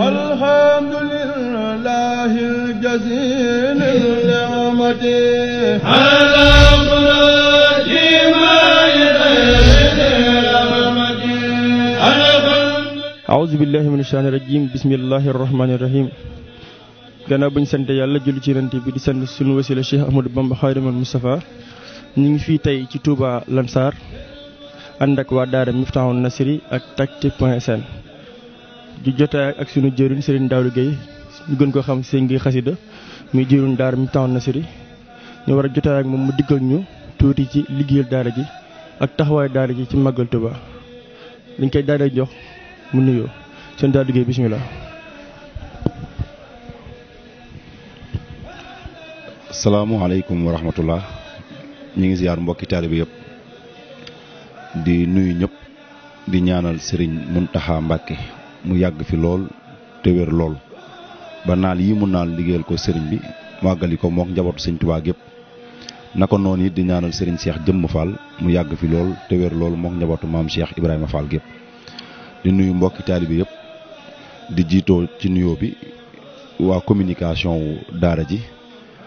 الحمد لله الجزيل النعمة على مراد ما أعوذ yàlla julli ci rent bi di sant sunu wasila Cheikh Ahmadou Bamba Xaadimal Moustapha ñu ngi fii tey ci Touba Lansar ànd ak waa daara Miftahul Nasri ak Tactic point sn di jotaay ak sunu jëriñ Serigne Daouda Gueye ñu gën ko xam sëñ gi xasida muy jëriñ daar mi taxoon na sëri ñu war a jotaay ak moom mu dikkal ñu tuuti ci liggéeyal daar ji ak taxawaay daara ji ci màggal Tuba dañ koy daal jox mu nuyoo sëñ Daouda Gueye bisimilah. salaamualeykum wa ngi ziar mbokki taalibe yëpp di nuyu ñëpp di ñaanal Serigne Mountakha Mbacké. mu yàgg fi lool te wér lool ba naal yi mu naan liggéeyal ko sëriñ bi mu àggali ko mook njabootu sëñ Tuubaa gépp naka noon it di ñaanal sëriñ Cheikh Jëmm Fall mu yàgg fi lool te wér lool mook njabootu maam Cheikh Ibrahima Fall gépp di nuyu mbokki taalibe yëpp di jiitoo ci nuyoo bi waa communication wu daara ji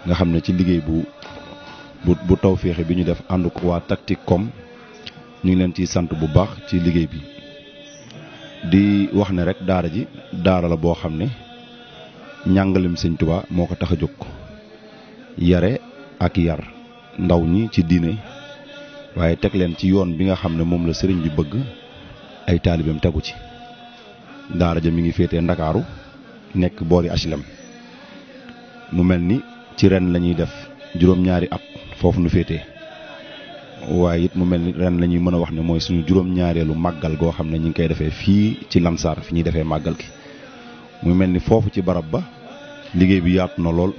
nga xam ne ci liggéey bu bu bu tawféexe bi ñu def ànd ko waa Tactic com ñu ngi leen ciy sant bu baax ci liggéey bi di wax na rek daara ji daara la boo xam ne njàngalem sëñ Tuubaa moo ko tax a jóg yare ak yar ndaw ñi ci diine waaye teg leen ci yoon bi nga xam ne moom la sëriñ bi bëgg ay taalibeem tegu ci daara ja mi ngi féete ndakaaru nekk boori HLM mu mel ni ci ren lañuy def juróom-ñaari at foofu nu féetee waaye it mu mel ni ren lañuy ñuy mën a wax ni mooy suñu juróom-ñaareelu màggal goo xam ne ñu ngi koy defee fii ci Lansar fi ñuy defee màggal gi mu mel ni foofu ci barab ba liggéey bi yàpp na lool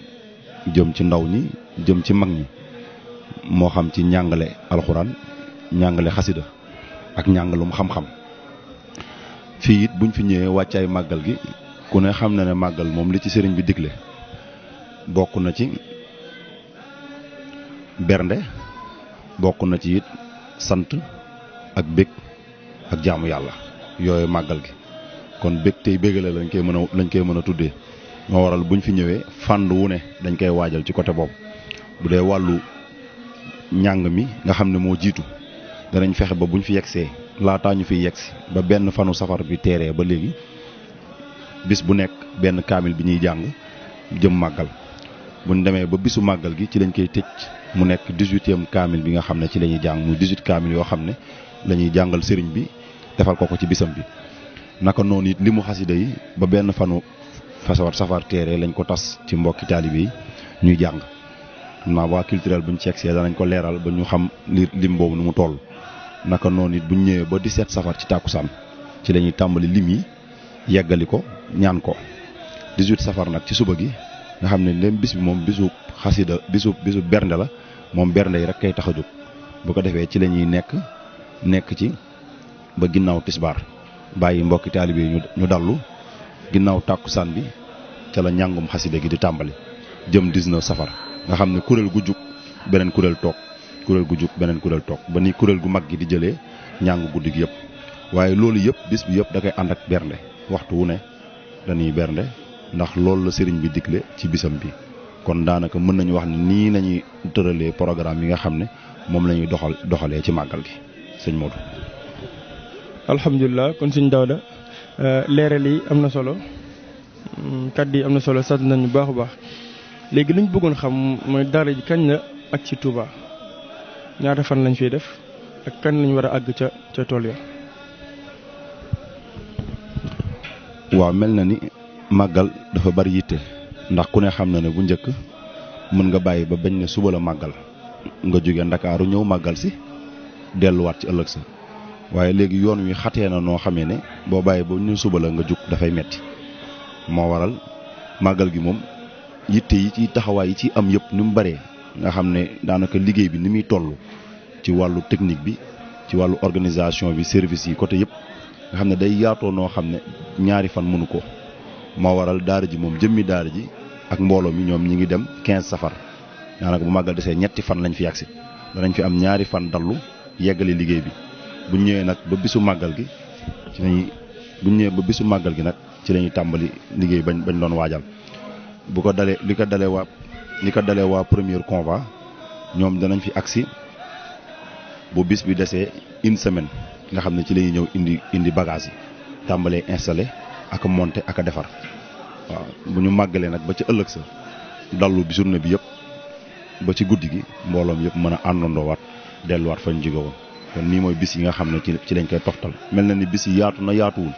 jëm ci ndaw ñi jëm ci mag ñi moo xam ci njàngale alxuraan njàngale xasida ak njàngalum xam-xam fii it buñ fi ñëwee wàccaay màggal gi ku ne xam na ne màggal moom li ci sëriñ bi digle bokk na ci bernde bokk na ci it sant ak bég ak jaamu yàlla yooyu màggal gi kon bég tey bégale lañ koy mën a lañ koy mën a tuddee moo waral buñ fi ñëwee fànn wu ne dañ koy waajal ci côté boobu bu dee wàllu njàng mi nga xam ne moo jiitu danañ fexe ba buñ fi yegsee laataa ñu fiy yegsi ba benn fanu safar bi teeree ba léegi bis bu nekk benn kaamil bi ñuy jàng jëm màggal bu ñu demee ba bisu màggal gi ci lañ koy tëj mu nekk dix-huitième kaamil bi nga xam ne ci lañuy ñuy jàng muy dix-huit kaamil yoo xam ne lañuy jàngal sëriñ bi defal ko ko ci bisam bi naka noon it li mu xasida yi ba benn fanu fasawar safar téere lañ ko tas ci mbokki taalibe yi ñuy jàng xam naa waa culturel buñ ceeg see danañ ko leeral ba ñu xam li lim boobu nu mu toll naka noonu it buñ ñëwee ba 17 safar ci tàkkusaan ci lañuy tàmbali lim yi yeggali ko ñaan ko 18 safar nag ci suba gi nga xam ne ndem bis bi moom bisu xasida bisu bisu bernde la moom bernde yi rek kay tax a jóg bu ko defee ci lañuy nekk nekk ci ba ginnaaw tisbaar bàyyi mbokki taalibe yi ñu dallu ginnaaw tàkkusaan bi ca la njàngum xasida gi di tàmbali jëm na safar nga xam ne kuréel gu jug beneen kuréel toog kuréel gu jug beneen kuréel toog ba ni kuréel gu mag gi di jëlee njàng guddi gi yëpp waaye loolu yëpp bis bi yëpp da koy ànd ak bernde waxtu wu ne dañuy bernde ndax loolu la sëriñ bi digle ci bisam bi kon daanaka mën nañu wax ne nii lañuy tëralee programme yi nga xam ne moom la ñuy doxal doxalee ci màggal gi sëñ Modou. alhamdulilah kon sëñ Daouda euh, leeral yi am na solo hmm, kàddu yi am na solo sant nañu baax a baax léegi li ñu bëggoon xam mooy daara ji kañ la ak ci Touba ñaata fan lañ fiy def ak kañ lañ war a àgg ca ca tool ya. waaw mel na ni màggal dafa bari yitte ndax ku ne xam na ne bu njëkk mën nga bàyyi ba bañ ne suba la màggal nga jóge ndakaaru ñëw màggal si delluwaat ci ëllëg sa waaye léegi yoon wi xatee na noo xamee ne boo bàyyi ba ñu suba la nga jug dafay metti moo waral màggal gi moom yitte yi ciy taxawaay yi ci am yëpp ni mu baree nga xam ne daanaka liggéey bi ni muy toll ci wàllu technique bi ci wàllu organisation bi service yi côté yëpp nga xam ne day yaatoo noo xam ne ñaari fan mënu ko moo waral daara ji moom jëmmi daara ji ak mbooloo mi ñoom ñi ngi dem 15 safar daanaka bu màggal desee ñetti fan lañ fi yàgsi danañ fi am ñaari fan dallu yeggali liggéey bi bu ñëwee nag ba bisu màggal gi ci lañuy ñëwee ba bisu màggal gi nag ci lañuy tàmbali liggéey bañ bañ doon waajal bu ko dalee li ko dalee waa li ko dalee waa premier convoi ñoom danañ fi agsi bu bis bi desee une semaine nga xam ne ci lañuy ñëw indi indi bagage yi tàmbalee installé ak a monter ak defar waaw bu ñu màggalee nag ba ci ëllëg sa dallu bi journée bi yëpp ba ci guddi gi mbooloom yëpp mën a àndandoo waat delluwaat fañ jóge woon kon nii mooy bis yi nga xam ne ci ci lañ koy toxtal mel na ni bis yi yaatu na yaatuwul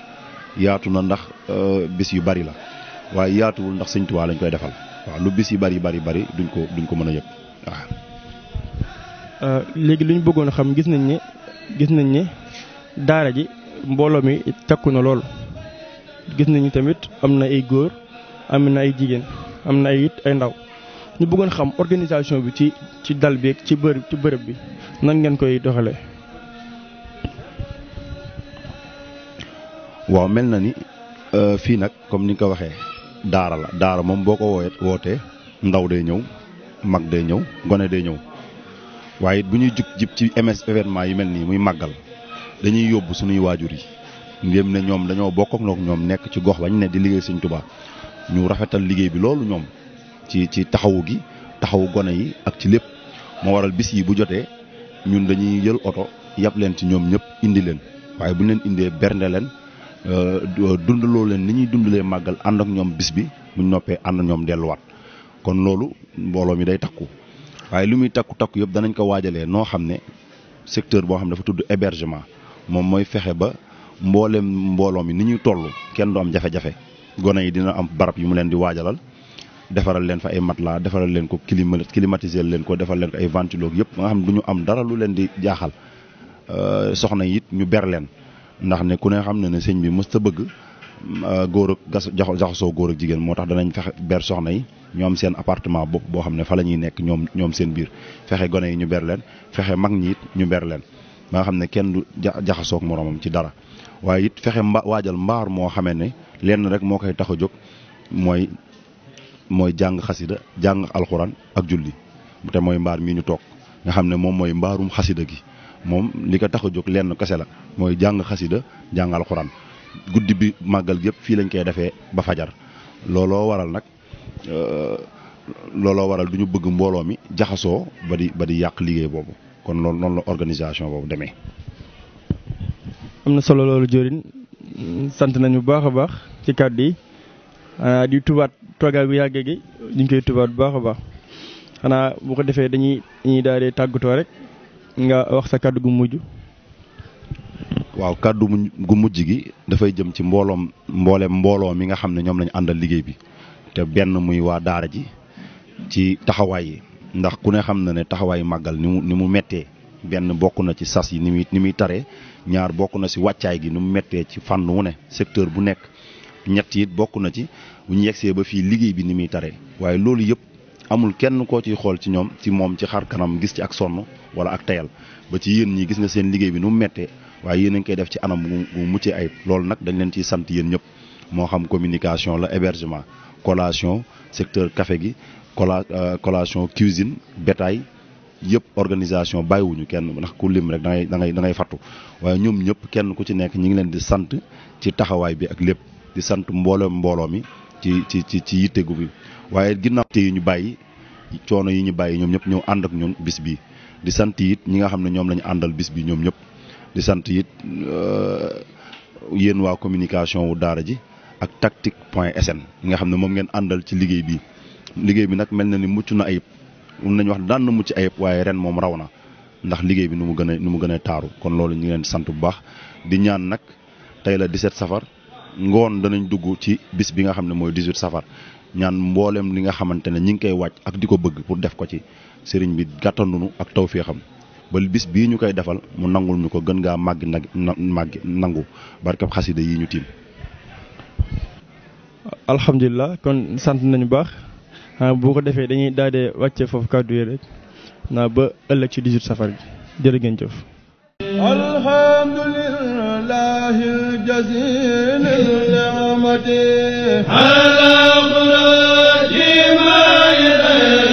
yaatu na ndax euh, bis yu bari la waaye yaatuwul ndax Sëñ Tuubaa lañ koy defal waaw lu bis yi bari bari bari duñ ko duñ ko mën a yëg waaw. Euh, léegi li ñu bëggoon xam gis nañ ne gis nañ ne daara ji mbooloo mi takku na lool. gis nañu tamit am na ay góor am na ay jigéen am na ay it ay ndaw ñu bëggoon xam organisation bi ci ci dal ci bërëb ci bërëb bi nan ngeen koy doxalee. waaw mel na ni euh, fii nag comme ni nga ko waxee daara la daara moom boo ko wooyee wootee ndaw day ñëw mag day ñëw gone day ñëw waaye bu ñuy jub jib ci ms événement yi mel nii muy màggal dañuy yóbbu sunuy waajur yi. ngéem ne ñoom dañoo bokk ak ñoom nekk ci gox bañ ne di liggéey sëñ Tuubaa ñu rafetal liggéey bi loolu ñoom ci ci taxawu gi taxawu gone yi ak ci lépp moo waral bis yi bu jotee ñun dañuy jël oto yab leen ci ñoom ñëpp indi leen waaye bu leen indee bernde leen euh, euh, dundaloo leen ni ñuy dundalee màggal ànd ak ñoom bis bi mu ñu noppee ànd ñoom delluwaat kon loolu mbooloo mi day takku waaye lu muy takku takku yëpp danañ ko waajalee noo xam ne secteur boo xam ne dafa tudd hébergement moom mooy fexe ba. mboolem mbooloo mi ni ñu toll kenn doom am jafe-jafe gone yi dina am barab yi mu leen di waajalal defaral leen fa ay matelas defaral leen ko climat climatiser leen ko defal leen ko ay ventilo yëpp ba nga xam ne du ñu am dara lu leen di jaaxal euh, soxna yi it ñu ber leen ndax ne ku ne xam ne ne sëñ bi mës ta bëgg euh, góor ak gas jaxasoo góor jigéen moo tax danañ fexe ber soxna yi ñu am seen appartement bopp boo xam ne fa la ñuy nekk ñoom ñoom seen biir fexe gone yi ñu ber leen fexe mag ñi it ñu ber leen ba nga xam ne kenn du jaxasoog moroomam ci dara waaye it fexe mba waajal mbaar moo xamee ne lenn rek moo koy tax a jóg mooy mooy jàng xasida jàng alxuraan ak julli te mooy mbaar mi ñu toog nga xam ne moom mooy mbaarum xasida gi moom li ko tax a jóg lenn kese la mooy jàng xasida jàng alxuraan guddi bi màggal yëpp fii lañ koy defee ba fajar looloo waral nag euh, looloo waral du ñu bëgg mbooloo mi jaxasoo ba di ba di yàq liggéey boobu kon loolu noonu la organisation boobu demee. am na solo loolu Diorine sant nañu bu baax a baax ci kàddu yi di tubaat toogaay bu yàggee gi ñu koy tubaat bu baax a baax xanaa bu ko defee dañuy dañuy daal dee tàggatoo rek nga wax sa kàddu gu mujj. waaw kàddu gu mujj gi dafay jëm ci mbooloom mbooleem mbooloo mi nga xam ne ñoom lañu àndal liggéey bi te benn muy waa daara ji ci taxawaay yi ndax ku ne xam na ne taxawaayu màggal ni mu ni mu méttee benn bokk na ci sas yi ni muy ni muy taree ñaar bokk na si wàccaay gi ni mu méttee ci fànn wu ne secteur bu nekk ñett it bokk na ci bu ñu yegsee ba fii liggéey bi ni muy taree waaye loolu yëpp amul kenn koo ciy xool ci ñoom ci moom ci xar kanam gis ci ak sonn wala ak tayal ba ci yéen ñi gis nga seen liggéey bi nu mu méttee waaye yéen a koy def ci anam bu muccee ayib loolu nag dañu leen ciy sant yéen ñëpp moo xam communication la hébergement collation secteur kafe gi colla euh, collation cuisine bétail yëpp organisation bàyyiwuñu kenn ndax ku lim rek da ngay da ngay da ngay fattu waaye ñoom ñëpp kenn ku ci nekk ñi ngi leen di sant ci taxawaay bi ak lépp di sant mbooloo mbooloo mi ci ci ci ci yittegu bi waaye ginnaaw te yi ñu bàyyi coono yi ñu bàyyi ñoom ñëpp ñëw ànd ak ñun bis bi di sant it ñi nga xam ne ñoom lañu àndal bis bi ñoom ñëpp di sant it euh, yéen waa communication wu daara ji ak tactique point sn yi nga xam ne moom ngeen àndal ci liggéey bi liggéey bi nag mel na ni mucc na ayib mun nañu wax daan na mucc ayib waaye ren moom raw na ndax liggéey bi nu mu gën a mu gën a taaru kon loolu ñu ngi leen sant bu baax di ñaan nag tey la 17 safar ngoon danañ dugg ci bis bi nga xam ne mooy 18 safar ñaan mboolem li nga xamante ne ñi ngi koy wàcc ak di ko bëgg pour def ko ci sëriñ bi gàttandunu ak taw tawféexam ba bis bii ñu koy defal mu nangul ñu ko gën ngaa màgg nag màgg nangu barkab xasida yi ñu tiim alhamdulilah kon sant nañu baax boo ko defee dañuy daal di wàcce foofu kàddu yi rek naa ba ëllëg ci 18 safar bi jërë ngeen jëf. alhamdulilah al-jazil al-ni'mati ala qurati ma